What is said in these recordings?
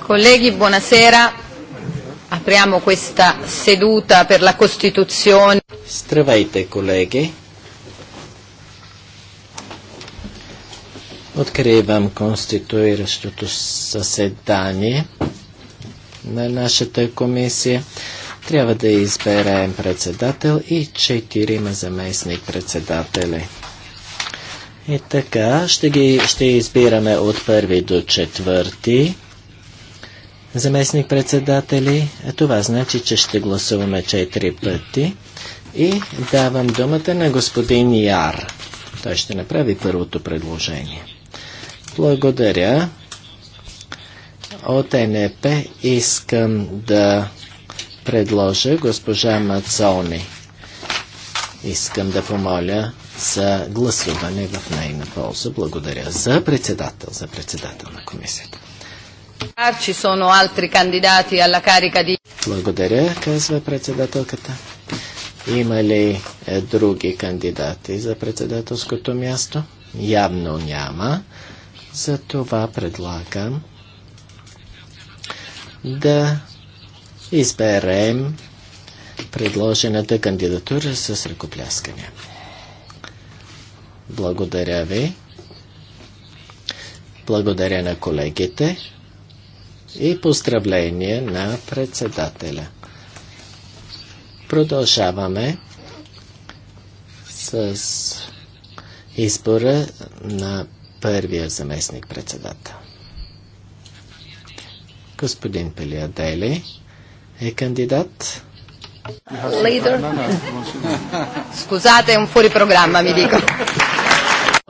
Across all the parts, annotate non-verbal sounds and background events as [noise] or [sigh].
Colleghi, buonasera. Apriamo questa seduta per la Costituzione. Здравейте, колеги. Откривам конституиращото съседание на нашата комисия. Трябва да изберем председател и четирима заместник председатели. И така, ще, ги, ще избираме от първи до четвърти заместник-председатели. Е, това значи, че ще гласуваме четири пъти. И давам думата на господин Яр. Той ще направи първото предложение. Благодаря. От НЕП искам да предложа госпожа Мацони. Искам да помоля за гласуване в нейна полза. Благодаря за председател, за председател на комисията. Благодаря, казва председателката. Има ли е, други кандидати за председателското място? Явно няма. Затова предлагам да изберем предложената кандидатура с ръкопляскане. Благодаря ви. Благодаря на колегите и поздравление на председателя. Продължаваме с избора на първия заместник председател. Господин Пелиадели е кандидат. Лидер. [laughs] Скузате, им фури програма, ми dico.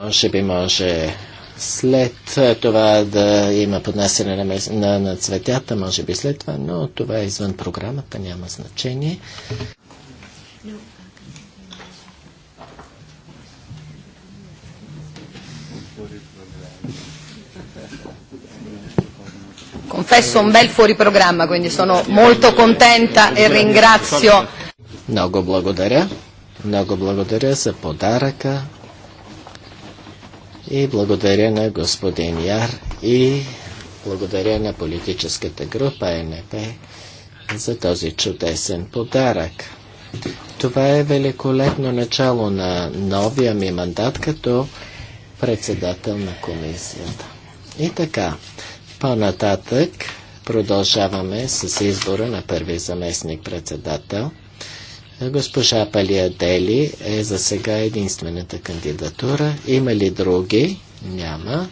Може би може след това да има поднасяне на, на, на цветята, може би след това, но това е извън програмата, няма значение. Confesso un bel fuori programma, quindi sono molto contenta e ringrazio. Много благодаря. Много благодаря за подаръка. И благодаря на господин Яр и благодаря на политическата група е НП за този чудесен подарък. Това е великолепно начало на новия ми мандат като председател на комисията. И така, по-нататък продължаваме с избора на първи заместник председател – Госпожа Дели е за сега единствената кандидатура. Има ли други? Няма.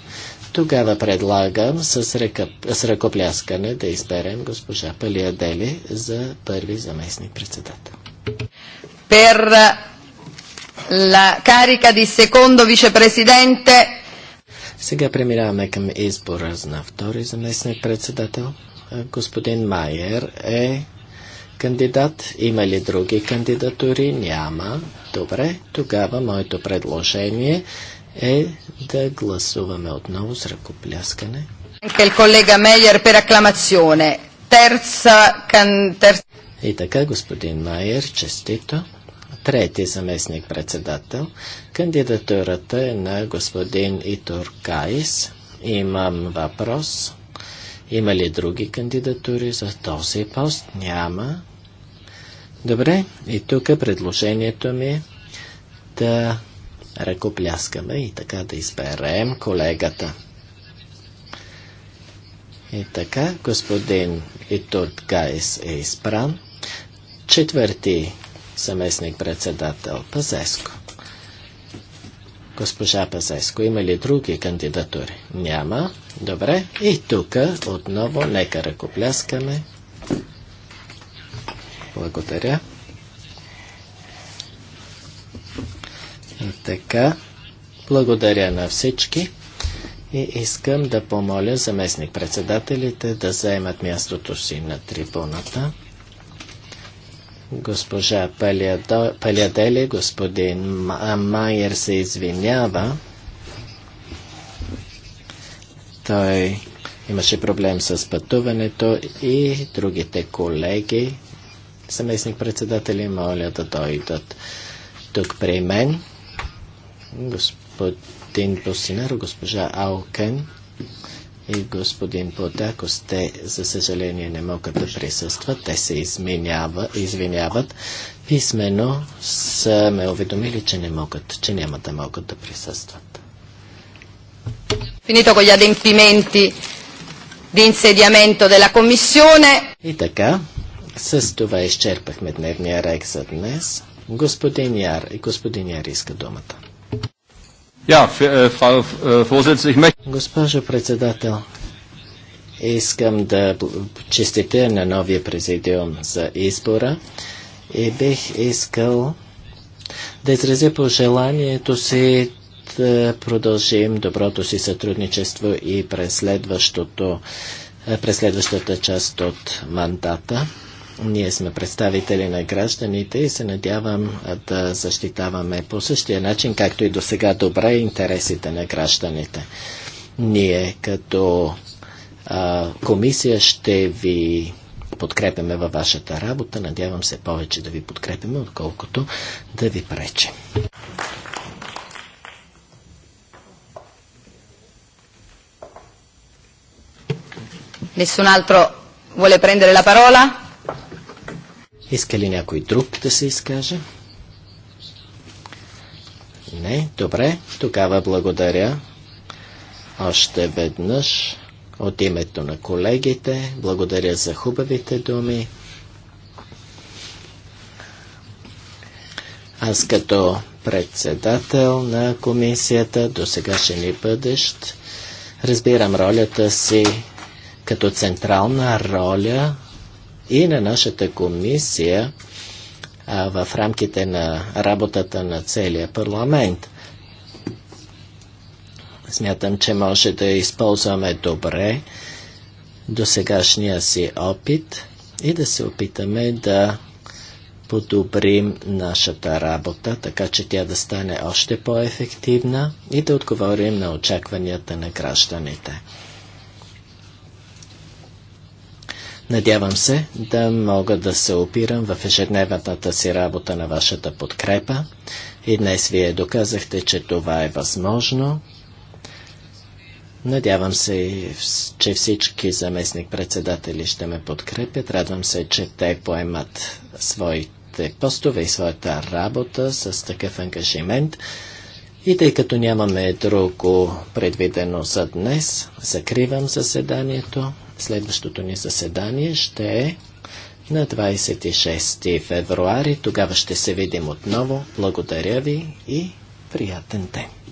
Тогава предлагам с, ръка, с ръкопляскане да изберем госпожа Дели за първи заместник председател. Per карика carica di secondo Сега преминаваме към избора на втори заместник председател. Господин Майер е кандидат. Има ли други кандидатури? Няма. Добре, тогава моето предложение е да гласуваме отново с ръкопляскане. И така, господин Майер, честито. Трети заместник председател. Кандидатурата е на господин Итор Кайс. Имам въпрос. Има ли други кандидатури за този пост? Няма. Добре, и тук предложението ми е да ръкопляскаме и така да изберем колегата. И така, господин Итурт Гайс е избран. Четвърти съместник председател Пазеско госпожа Пазеско. Има ли други кандидатури? Няма. Добре. И тук отново нека ръкопляскаме. Благодаря. така, благодаря на всички и искам да помоля заместник-председателите да заемат мястото си на трибуната. Госпожа Палядели, господин Майер се извинява. Той имаше проблем с пътуването и другите колеги, съместник председатели моля да дойдат тук при мен. Господин Босинар, госпожа Аукен и господин ако сте, за съжаление, не могат да присъстват. Те се изменява, извиняват. Писмено са ме уведомили, че не могат, че няма да могат да присъстват. Finito con gli adempimenti di insediamento della Commissione. И така, с това изчерпахме дневния рек за днес. Господин Яр и господин Яр иска думата. Äh, äh, Госпожо председател, искам да честите на новия президиум за избора и бих искал да изразя пожеланието си да продължим доброто си сътрудничество и през следващата част от мандата. Ние сме представители на гражданите и се надявам да защитаваме по същия начин, както и до сега добре интересите на гражданите. Ние като а, комисия ще ви подкрепяме във вашата работа. Надявам се повече да ви подкрепяме, отколкото да ви пречим. Nessun altro vuole prendere la parola? Иска ли някой друг да се изкаже? Не, добре, тогава благодаря още веднъж от името на колегите. Благодаря за хубавите думи. Аз като председател на комисията, до сегашен и бъдещ, разбирам ролята си като централна роля и на нашата комисия а, в рамките на работата на целия парламент. Смятам, че може да използваме добре досегашния си опит и да се опитаме да подобрим нашата работа, така че тя да стане още по-ефективна и да отговорим на очакванията на гражданите. Надявам се да мога да се опирам в ежедневната си работа на вашата подкрепа. И днес вие доказахте, че това е възможно. Надявам се, че всички заместник-председатели ще ме подкрепят. Радвам се, че те поемат своите постове и своята работа с такъв ангажимент. И тъй като нямаме друго предвидено за днес, закривам заседанието. Следващото ни заседание ще е на 26 февруари. Тогава ще се видим отново. Благодаря ви и приятен ден!